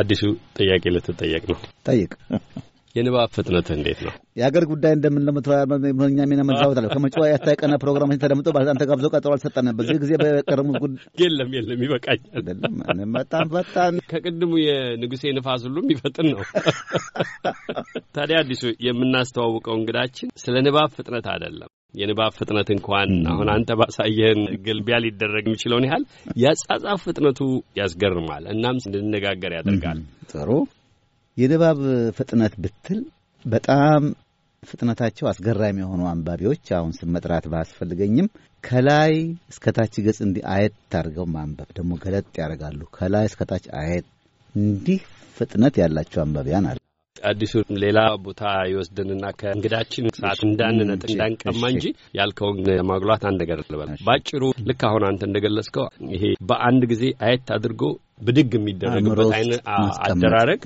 አዲሱ ጥያቄ ልትጠየቅ ነው። ጠይቅ። የንባብ ፍጥነት እንዴት ነው? የአገር ጉዳይ እንደምንለምተኛ ሚና መንዛወት አለ ፕሮግራም ያታቀነ ተደምጦ በአንተ ጋብዞ ቀጠሮ አልሰጠንም። በዚህ ጊዜ በቀረሙ የለም የለም፣ ይበቃኛል። በጣም ፈጣን ከቅድሙ የንጉሴ ንፋስ ሁሉ የሚፈጥን ነው። ታዲያ አዲሱ የምናስተዋውቀው እንግዳችን ስለ ንባብ ፍጥነት አይደለም የንባብ ፍጥነት እንኳን አሁን አንተ ባሳየህን ግልቢያ ሊደረግ የሚችለውን ያህል የአጻጻፍ ፍጥነቱ ያስገርማል። እናም እንድንነጋገር ያደርጋል። ጥሩ የንባብ ፍጥነት ብትል በጣም ፍጥነታቸው አስገራሚ የሆኑ አንባቢዎች አሁን ስም መጥራት ባያስፈልገኝም ከላይ እስከታች ገጽ እንዲህ አየት አድርገው ማንበብ ደግሞ ገለጥ ያደርጋሉ። ከላይ እስከታች አየት እንዲህ ፍጥነት ያላቸው አንባቢያን አለ። አዲሱ ሌላ ቦታ ይወስድንና ከእንግዳችን ሰዓት እንዳንነጥ እንዳንቀማ እንጂ ያልከውን ለማጉላት አንድ ነገር ልበል ባጭሩ። ልክ አሁን አንተ እንደገለጽከው ይሄ በአንድ ጊዜ አየት አድርጎ ብድግ የሚደረግበት አይነት አደራረግ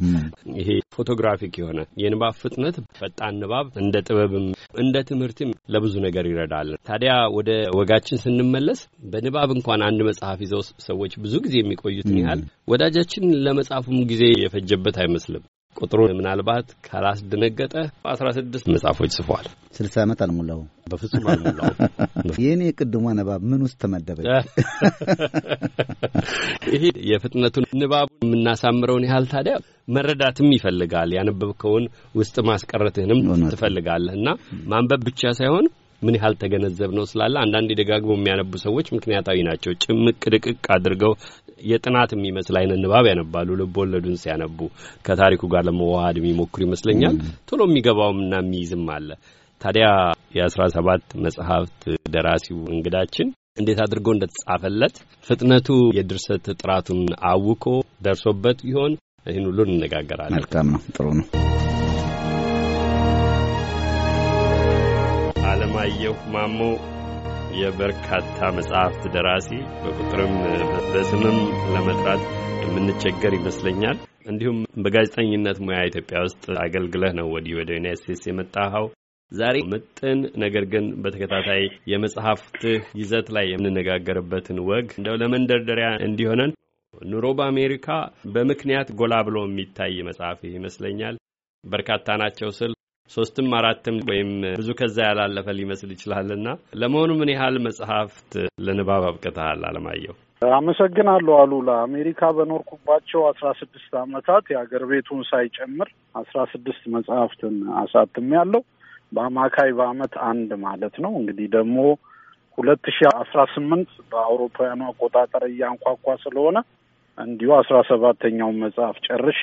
ይሄ ፎቶግራፊክ የሆነ የንባብ ፍጥነት ፈጣን ንባብ እንደ ጥበብም እንደ ትምህርትም ለብዙ ነገር ይረዳለን። ታዲያ ወደ ወጋችን ስንመለስ በንባብ እንኳን አንድ መጽሐፍ ይዘው ሰዎች ብዙ ጊዜ የሚቆዩትን ያህል ወዳጃችን ለመጽሐፉም ጊዜ የፈጀበት አይመስልም። ቁጥሩ ምናልባት ካላስደነገጠ አስራ ስድስት መጽሐፎች ጽፏል። ስልሳ ዓመት አልሞላው በፍጹም አልሞላው። የእኔ የቅድሟ ንባብ ምን ውስጥ ተመደበ? ይሄ የፍጥነቱን ንባቡን የምናሳምረውን ያህል ታዲያ መረዳትም ይፈልጋል። ያነበብከውን ውስጥ ማስቀረትህንም ትፈልጋለህ እና ማንበብ ብቻ ሳይሆን ምን ያህል ተገነዘብ ነው ስላለ አንዳንዴ ደጋግሞ የሚያነቡ ሰዎች ምክንያታዊ ናቸው። ጭምቅ ድቅቅ አድርገው የጥናት የሚመስል አይነት ንባብ ያነባሉ። ልብ ወለዱን ሲያነቡ ከታሪኩ ጋር ለመዋሃድ የሚሞክሩ ይመስለኛል። ቶሎ የሚገባውምና የሚይዝም አለ። ታዲያ የአስራ ሰባት መጽሐፍት ደራሲው እንግዳችን እንዴት አድርጎ እንደተጻፈለት ፍጥነቱ የድርሰት ጥራቱን አውቆ ደርሶበት ይሆን? ይህን ሁሉ እንነጋገራለን። መልካም ነው። ጥሩ ነው። አለማየሁ ማሞ የበርካታ መጽሐፍት ደራሲ በቁጥርም በስምም ለመጥራት የምንቸገር ይመስለኛል። እንዲሁም በጋዜጠኝነት ሙያ ኢትዮጵያ ውስጥ አገልግለህ ነው ወዲህ ወደ ዩናይት ስቴትስ የመጣኸው። ዛሬ ምጥን ነገር ግን በተከታታይ የመጽሐፍትህ ይዘት ላይ የምንነጋገርበትን ወግ እንደው ለመንደርደሪያ እንዲሆነን ኑሮ በአሜሪካ በምክንያት ጎላ ብሎ የሚታይ መጽሐፍ ይመስለኛል። በርካታ ናቸው ስል ሶስትም አራትም ወይም ብዙ ከዛ ያላለፈ ሊመስል ይችላልና ለመሆኑ ምን ያህል መጽሐፍት ለንባብ አብቅተሃል አለማየሁ? አመሰግናለሁ አሉላ። አሜሪካ በኖርኩባቸው አስራ ስድስት አመታት የአገር ቤቱን ሳይጨምር አስራ ስድስት መጽሐፍትን አሳትም ያለው በአማካይ በአመት አንድ ማለት ነው። እንግዲህ ደግሞ ሁለት ሺ አስራ ስምንት በአውሮፓውያኑ አቆጣጠር እያንኳኳ ስለሆነ እንዲሁ አስራ ሰባተኛውን መጽሐፍ ጨርሼ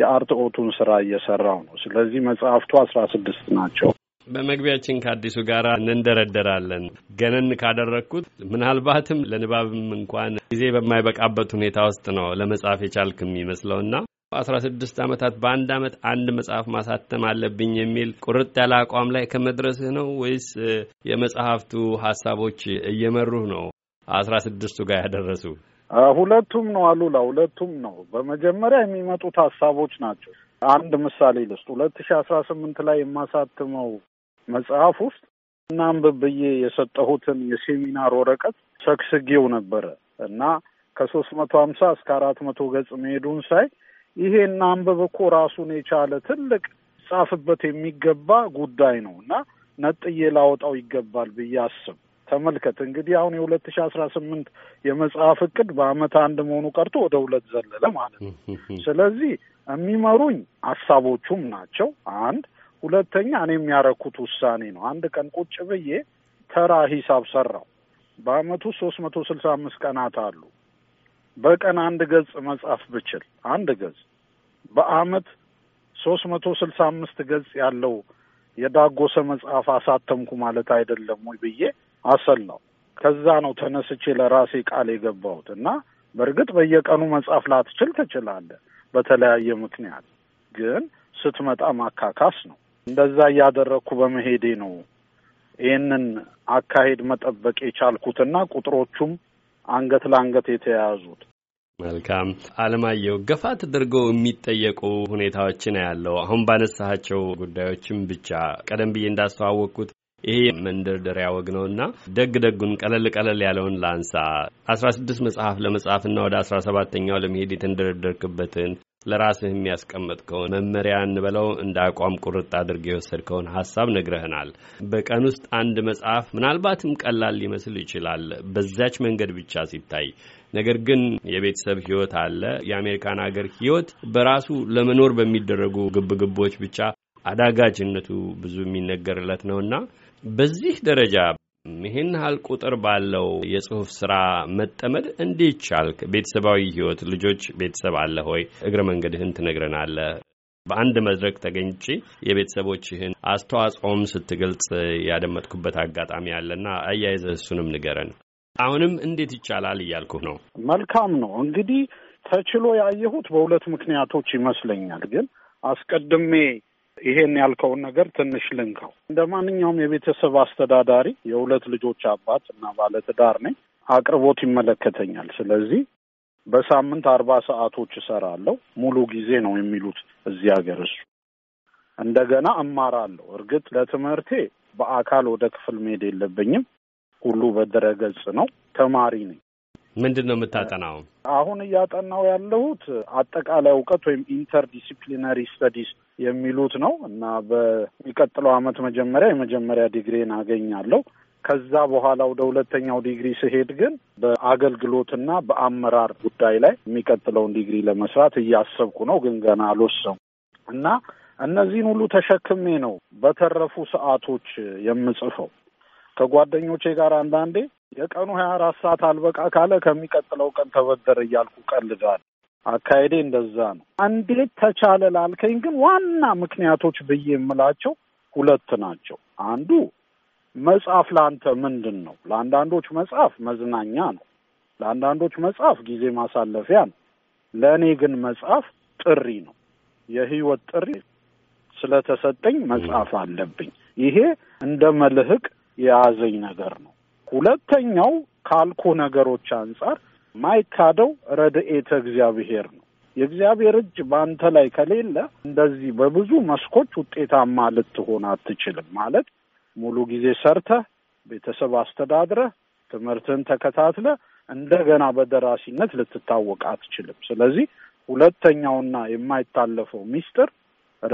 የአርትኦቱን ስራ እየሰራው ነው። ስለዚህ መጽሐፍቱ አስራ ስድስት ናቸው። በመግቢያችን ከአዲሱ ጋር እንንደረደራለን። ገነን ካደረግኩት ምናልባትም ለንባብም እንኳን ጊዜ በማይበቃበት ሁኔታ ውስጥ ነው ለመጽሐፍ የቻልክ የሚመስለውና አስራ ስድስት ዓመታት በአንድ ዓመት አንድ መጽሐፍ ማሳተም አለብኝ የሚል ቁርጥ ያለ አቋም ላይ ከመድረስህ ነው ወይስ የመጽሐፍቱ ሀሳቦች እየመሩህ ነው አስራ ስድስቱ ጋር ያደረሱ? ሁለቱም ነው አሉላ፣ ሁለቱም ነው። በመጀመሪያ የሚመጡት ሀሳቦች ናቸው። አንድ ምሳሌ ልስጥ። ሁለት ሺ አስራ ስምንት ላይ የማሳትመው መጽሐፍ ውስጥ እናንብብ ብዬ የሰጠሁትን የሴሚናር ወረቀት ሰክስጌው ነበረ እና ከሶስት መቶ ሀምሳ እስከ አራት መቶ ገጽ መሄዱን ሳይ ይሄ እናንብብ እኮ ራሱን የቻለ ትልቅ ጻፍበት የሚገባ ጉዳይ ነው እና ነጥዬ ላወጣው ይገባል ብዬ አስብ ተመልከት እንግዲህ አሁን የሁለት ሺ አስራ ስምንት የመጽሐፍ እቅድ በአመት አንድ መሆኑ ቀርቶ ወደ ሁለት ዘለለ ማለት ነው። ስለዚህ የሚመሩኝ ሀሳቦቹም ናቸው አንድ ሁለተኛ እኔ የሚያረኩት ውሳኔ ነው። አንድ ቀን ቁጭ ብዬ ተራ ሂሳብ ሰራው። በአመቱ ሶስት መቶ ስልሳ አምስት ቀናት አሉ። በቀን አንድ ገጽ መጻፍ ብችል አንድ ገጽ በአመት ሶስት መቶ ስልሳ አምስት ገጽ ያለው የዳጎሰ መጽሐፍ አሳተምኩ ማለት አይደለም ወይ ብዬ አሰላው። ከዛ ነው ተነስቼ ለራሴ ቃል የገባሁት እና በእርግጥ በየቀኑ መጻፍ ላትችል ትችላለህ፣ በተለያየ ምክንያት ግን ስትመጣ ማካካስ ነው። እንደዛ እያደረግኩ በመሄዴ ነው ይህንን አካሄድ መጠበቅ የቻልኩትና ቁጥሮቹም አንገት ለአንገት የተያያዙት። መልካም አለማየሁ፣ ገፋ ተደርገው የሚጠየቁ ሁኔታዎችን ያለው አሁን ባነሳሃቸው ጉዳዮችም ብቻ ቀደም ብዬ እንዳስተዋወቅኩት ይሄ መንደርደሪያ ወግ ነው እና ደግ ደጉን ቀለል ቀለል ያለውን ላንሳ። አስራ ስድስት መጽሐፍ ለመጽሐፍና ወደ አስራ ሰባተኛው ለመሄድ የተንደረደርክበትን ለራስህ የሚያስቀመጥከውን መመሪያ እንበለው እንደ አቋም ቁርጥ አድርገህ የወሰድከውን ሀሳብ ነግረህናል። በቀን ውስጥ አንድ መጽሐፍ ምናልባትም ቀላል ሊመስል ይችላል በዛች መንገድ ብቻ ሲታይ። ነገር ግን የቤተሰብ ህይወት አለ። የአሜሪካን ሀገር ህይወት በራሱ ለመኖር በሚደረጉ ግብግቦች ብቻ አዳጋጅነቱ ብዙ የሚነገርለት ነውና በዚህ ደረጃ ይህን ያህል ቁጥር ባለው የጽሁፍ ስራ መጠመድ እንዴት ቻልክ? ቤተሰባዊ ህይወት፣ ልጆች፣ ቤተሰብ አለ ሆይ? እግረ መንገድህን ትነግረናለህ። በአንድ መድረክ ተገኝቼ የቤተሰቦችህን አስተዋጽኦም ስትገልጽ ያደመጥኩበት አጋጣሚ አለና አያይዘህ እሱንም ንገረን። አሁንም እንዴት ይቻላል እያልኩህ ነው። መልካም ነው እንግዲህ ተችሎ ያየሁት በሁለት ምክንያቶች ይመስለኛል ግን አስቀድሜ ይሄን ያልከውን ነገር ትንሽ ልንከው እንደ ማንኛውም የቤተሰብ አስተዳዳሪ የሁለት ልጆች አባት እና ባለትዳር ነኝ። አቅርቦት ይመለከተኛል። ስለዚህ በሳምንት አርባ ሰዓቶች እሰራለሁ። ሙሉ ጊዜ ነው የሚሉት እዚህ ሀገር። እሱ እንደገና እማራለሁ። እርግጥ ለትምህርቴ በአካል ወደ ክፍል መሄድ የለብኝም። ሁሉ በድረገጽ ነው። ተማሪ ነኝ። ምንድን ነው የምታጠናው? አሁን እያጠናው ያለሁት አጠቃላይ እውቀት ወይም ኢንተርዲሲፕሊናሪ ስተዲስ የሚሉት ነው እና በሚቀጥለው ዓመት መጀመሪያ የመጀመሪያ ዲግሪን አገኛለሁ። ከዛ በኋላ ወደ ሁለተኛው ዲግሪ ስሄድ ግን በአገልግሎትና በአመራር ጉዳይ ላይ የሚቀጥለውን ዲግሪ ለመስራት እያሰብኩ ነው፣ ግን ገና አልወሰንኩም እና እነዚህን ሁሉ ተሸክሜ ነው በተረፉ ሰዓቶች የምጽፈው ከጓደኞቼ ጋር አንዳንዴ የቀኑ ሀያ አራት ሰዓት አልበቃ ካለ ከሚቀጥለው ቀን ተበደረ እያልኩ ቀልዳል። አካሄዴ እንደዛ ነው። እንዴት ተቻለ ላልከኝ ግን ዋና ምክንያቶች ብዬ የምላቸው ሁለት ናቸው። አንዱ መጽሐፍ ለአንተ ምንድን ነው? ለአንዳንዶች መጽሐፍ መዝናኛ ነው። ለአንዳንዶች መጽሐፍ ጊዜ ማሳለፊያ ነው። ለእኔ ግን መጽሐፍ ጥሪ ነው፣ የህይወት ጥሪ ስለተሰጠኝ መጽሐፍ አለብኝ። ይሄ እንደ መልህቅ የያዘኝ ነገር ነው። ሁለተኛው ካልኩ ነገሮች አንጻር ማይካደው ረድኤተ እግዚአብሔር ነው። የእግዚአብሔር እጅ በአንተ ላይ ከሌለ እንደዚህ በብዙ መስኮች ውጤታማ ልትሆን አትችልም። ማለት ሙሉ ጊዜ ሰርተህ ቤተሰብ አስተዳድረህ ትምህርትን ተከታትለ እንደገና በደራሲነት ልትታወቅ አትችልም። ስለዚህ ሁለተኛውና የማይታለፈው ሚስጥር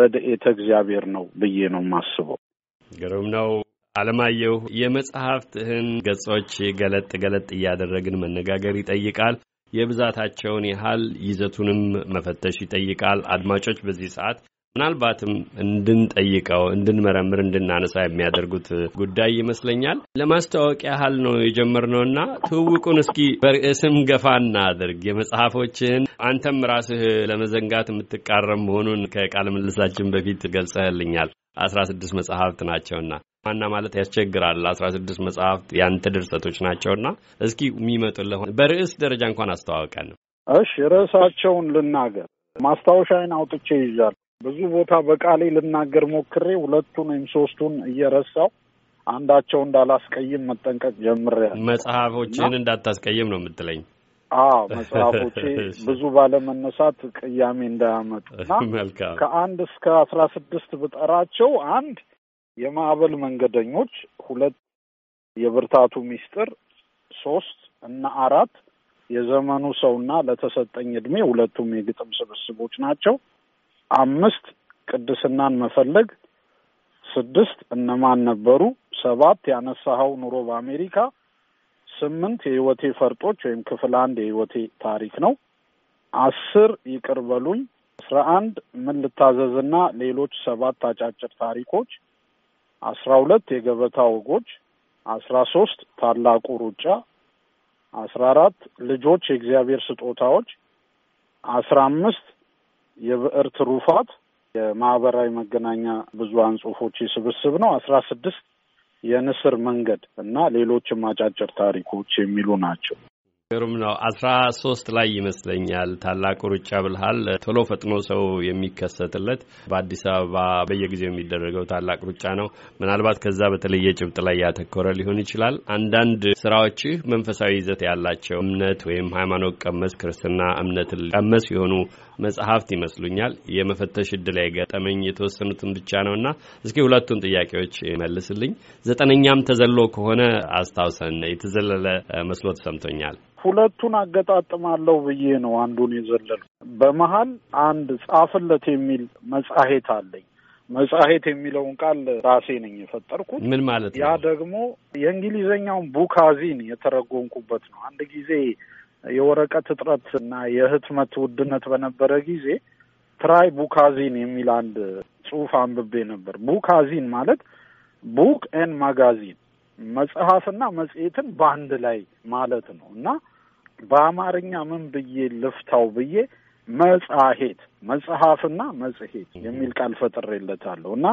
ረድኤተ እግዚአብሔር ነው ብዬ ነው የማስበው። ግሩም ነው። አለማየሁ የመጽሐፍትህን ገጾች ገለጥ ገለጥ እያደረግን መነጋገር ይጠይቃል። የብዛታቸውን ያህል ይዘቱንም መፈተሽ ይጠይቃል። አድማጮች በዚህ ሰዓት ምናልባትም እንድንጠይቀው፣ እንድንመረምር፣ እንድናነሳ የሚያደርጉት ጉዳይ ይመስለኛል። ለማስታወቅ ያህል ነው የጀመርነውና ትውውቁን እስኪ በርዕስም ገፋ እናድርግ። የመጽሐፎችህን አንተም ራስህ ለመዘንጋት የምትቃረም መሆኑን ከቃለ ምልሳችን በፊት ገልጸህልኛል። አስራ ስድስት መጽሐፍት ናቸውና ዋና ማለት ያስቸግራል። አስራ ስድስት መጽሐፍት ያንተ ድርሰቶች ናቸውና እስኪ የሚመጡልህ በርዕስ ደረጃ እንኳን አስተዋውቀን። እሺ ርዕሳቸውን ልናገር። ማስታወሻዬን አውጥቼ ይዣል። ብዙ ቦታ በቃሌ ልናገር ሞክሬ ሁለቱን ወይም ሶስቱን እየረሳው አንዳቸው እንዳላስቀይም መጠንቀቅ ጀምሬያለሁ። መጽሐፎችህን እንዳታስቀይም ነው የምትለኝ? አዎ መጽሐፎቼ ብዙ ባለመነሳት ቅያሜ እንዳያመጡ እና ከአንድ እስከ አስራ ስድስት ብጠራቸው አንድ የማዕበል መንገደኞች ሁለት፣ የብርታቱ ሚስጥር ሶስት እና አራት የዘመኑ ሰውና ለተሰጠኝ ዕድሜ ሁለቱም የግጥም ስብስቦች ናቸው። አምስት ቅድስናን መፈለግ፣ ስድስት እነማን ነበሩ፣ ሰባት ያነሳኸው ኑሮ በአሜሪካ፣ ስምንት የህይወቴ ፈርጦች ወይም ክፍል አንድ የህይወቴ ታሪክ ነው። አስር ይቅርበሉኝ፣ አስራ አንድ ምን ልታዘዝና ሌሎች ሰባት አጫጭር ታሪኮች አስራ ሁለት የገበታ ወጎች፣ አስራ ሶስት ታላቁ ሩጫ፣ አስራ አራት ልጆች የእግዚአብሔር ስጦታዎች፣ አስራ አምስት የብዕር ትሩፋት የማህበራዊ መገናኛ ብዙኃን ጽሁፎች ስብስብ ነው። አስራ ስድስት የንስር መንገድ እና ሌሎችም አጫጭር ታሪኮች የሚሉ ናቸው። ግሩም ነው። አስራ ሶስት ላይ ይመስለኛል ታላቁ ሩጫ ብልሃል ቶሎ ፈጥኖ ሰው የሚከሰትለት በአዲስ አበባ በየጊዜው የሚደረገው ታላቅ ሩጫ ነው። ምናልባት ከዛ በተለየ ጭብጥ ላይ ያተኮረ ሊሆን ይችላል። አንዳንድ ስራዎችህ መንፈሳዊ ይዘት ያላቸው እምነት ወይም ሃይማኖት ቀመስ ክርስትና እምነት ቀመስ የሆኑ መጽሐፍት ይመስሉኛል። የመፈተሽ እድል የገጠመኝ የተወሰኑትን ብቻ ነው እና እስኪ ሁለቱን ጥያቄዎች መልስልኝ። ዘጠነኛም ተዘሎ ከሆነ አስታውሰን የተዘለለ መስሎ ተሰምቶኛል። ሁለቱን አገጣጥማለሁ ብዬ ነው አንዱን የዘለሉ። በመሀል አንድ ጻፍለት የሚል መጻሄት አለኝ። መጻሄት የሚለውን ቃል ራሴ ነኝ የፈጠርኩት። ምን ማለት ነው? ያ ደግሞ የእንግሊዝኛውን ቡካዚን የተረጎምኩበት ነው። አንድ ጊዜ የወረቀት እጥረት እና የህትመት ውድነት በነበረ ጊዜ ትራይ ቡካዚን የሚል አንድ ጽሑፍ አንብቤ ነበር። ቡካዚን ማለት ቡክ ኤን ማጋዚን መጽሐፍና መጽሔትን በአንድ ላይ ማለት ነው እና በአማርኛ ምን ብዬ ልፍታው ብዬ መጻሄት መጽሐፍና መጽሔት የሚል ቃል ፈጥሬለታለሁ እና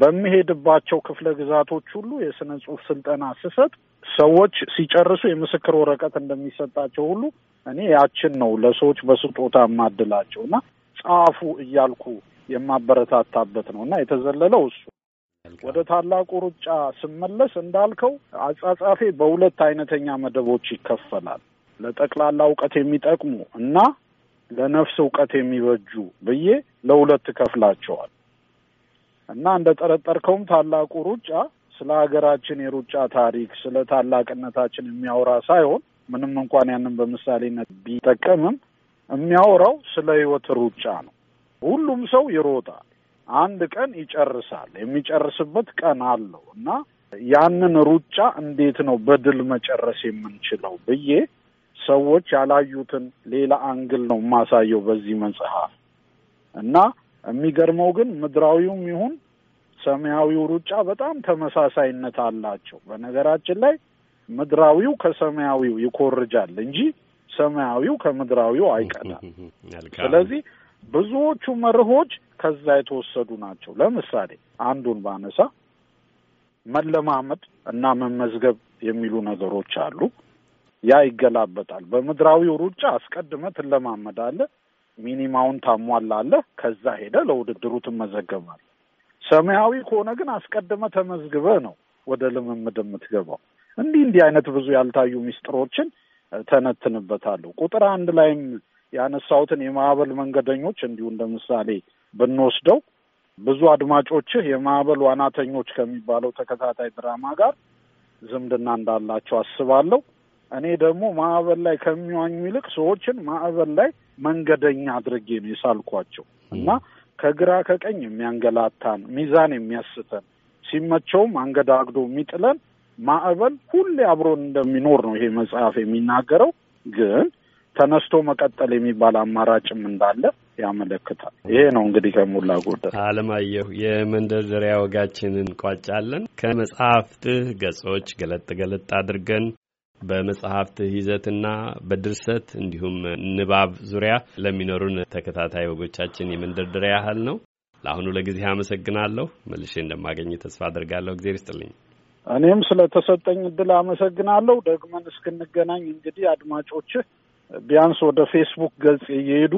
በሚሄድባቸው ክፍለ ግዛቶች ሁሉ የስነ ጽሁፍ ስልጠና ስሰጥ ሰዎች ሲጨርሱ የምስክር ወረቀት እንደሚሰጣቸው ሁሉ እኔ ያችን ነው ለሰዎች በስጦታ የማድላቸው እና ጻፉ እያልኩ የማበረታታበት ነው እና የተዘለለው እሱ። ወደ ታላቁ ሩጫ ስመለስ እንዳልከው አጻጻፌ በሁለት አይነተኛ መደቦች ይከፈላል። ለጠቅላላ እውቀት የሚጠቅሙ እና ለነፍስ እውቀት የሚበጁ ብዬ ለሁለት ከፍላቸዋል እና እንደ ጠረጠርከውም ታላቁ ሩጫ ስለ ሀገራችን የሩጫ ታሪክ ስለ ታላቅነታችን የሚያወራ ሳይሆን ምንም እንኳን ያንን በምሳሌነት ቢጠቀምም የሚያወራው ስለ ህይወት ሩጫ ነው። ሁሉም ሰው ይሮጣል፣ አንድ ቀን ይጨርሳል። የሚጨርስበት ቀን አለው እና ያንን ሩጫ እንዴት ነው በድል መጨረስ የምንችለው ብዬ ሰዎች ያላዩትን ሌላ አንግል ነው የማሳየው በዚህ መጽሐፍ እና የሚገርመው ግን ምድራዊውም ይሁን ሰማያዊው ሩጫ በጣም ተመሳሳይነት አላቸው። በነገራችን ላይ ምድራዊው ከሰማያዊው ይኮርጃል እንጂ ሰማያዊው ከምድራዊው አይቀላል። ስለዚህ ብዙዎቹ መርሆች ከዛ የተወሰዱ ናቸው። ለምሳሌ አንዱን ባነሳ መለማመድ እና መመዝገብ የሚሉ ነገሮች አሉ። ያ ይገላበጣል። በምድራዊው ሩጫ አስቀድመ ትለማመዳለ፣ ሚኒማውን ታሟላለ፣ ከዛ ሄደ ለውድድሩ ትመዘገባል። ሰማያዊ ከሆነ ግን አስቀድመ ተመዝግበ ነው ወደ ልምምድ የምትገባው። እንዲህ እንዲህ አይነት ብዙ ያልታዩ ሚስጥሮችን ተነትንበታለሁ። ቁጥር አንድ ላይም ያነሳሁትን የማዕበል መንገደኞች እንዲሁ እንደ ምሳሌ ብንወስደው ብዙ አድማጮችህ የማዕበል ዋናተኞች ከሚባለው ተከታታይ ድራማ ጋር ዝምድና እንዳላቸው አስባለሁ። እኔ ደግሞ ማዕበል ላይ ከሚዋኙ ይልቅ ሰዎችን ማዕበል ላይ መንገደኛ አድርጌ ነው የሳልኳቸው እና ከግራ ከቀኝ የሚያንገላታን ሚዛን የሚያስተን ሲመቸውም አንገዳግዶ የሚጥለን ማዕበል ሁሌ አብሮን እንደሚኖር ነው ይሄ መጽሐፍ የሚናገረው። ግን ተነስቶ መቀጠል የሚባል አማራጭም እንዳለ ያመለክታል። ይሄ ነው እንግዲህ ከሞላ ጎደል አለማየሁ፣ የመንደርደሪያ ወጋችንን እንቋጫለን። ከመጽሐፍትህ ገጾች ገለጥ ገለጥ አድርገን በመጽሐፍት ይዘትና በድርሰት እንዲሁም ንባብ ዙሪያ ለሚኖሩን ተከታታይ ወጎቻችን የመንደርደሪያ ያህል ነው። ለአሁኑ ለጊዜ አመሰግናለሁ። መልሼ እንደማገኝ ተስፋ አድርጋለሁ። እግዜር ይስጥልኝ። እኔም ስለተሰጠኝ እድል አመሰግናለሁ። ደግመን እስክንገናኝ እንግዲህ አድማጮች ቢያንስ ወደ ፌስቡክ ገጽ እየሄዱ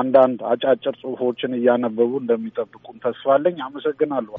አንዳንድ አጫጭር ጽሁፎችን እያነበቡ እንደሚጠብቁን ተስፋ አለኝ። አመሰግናለሁ።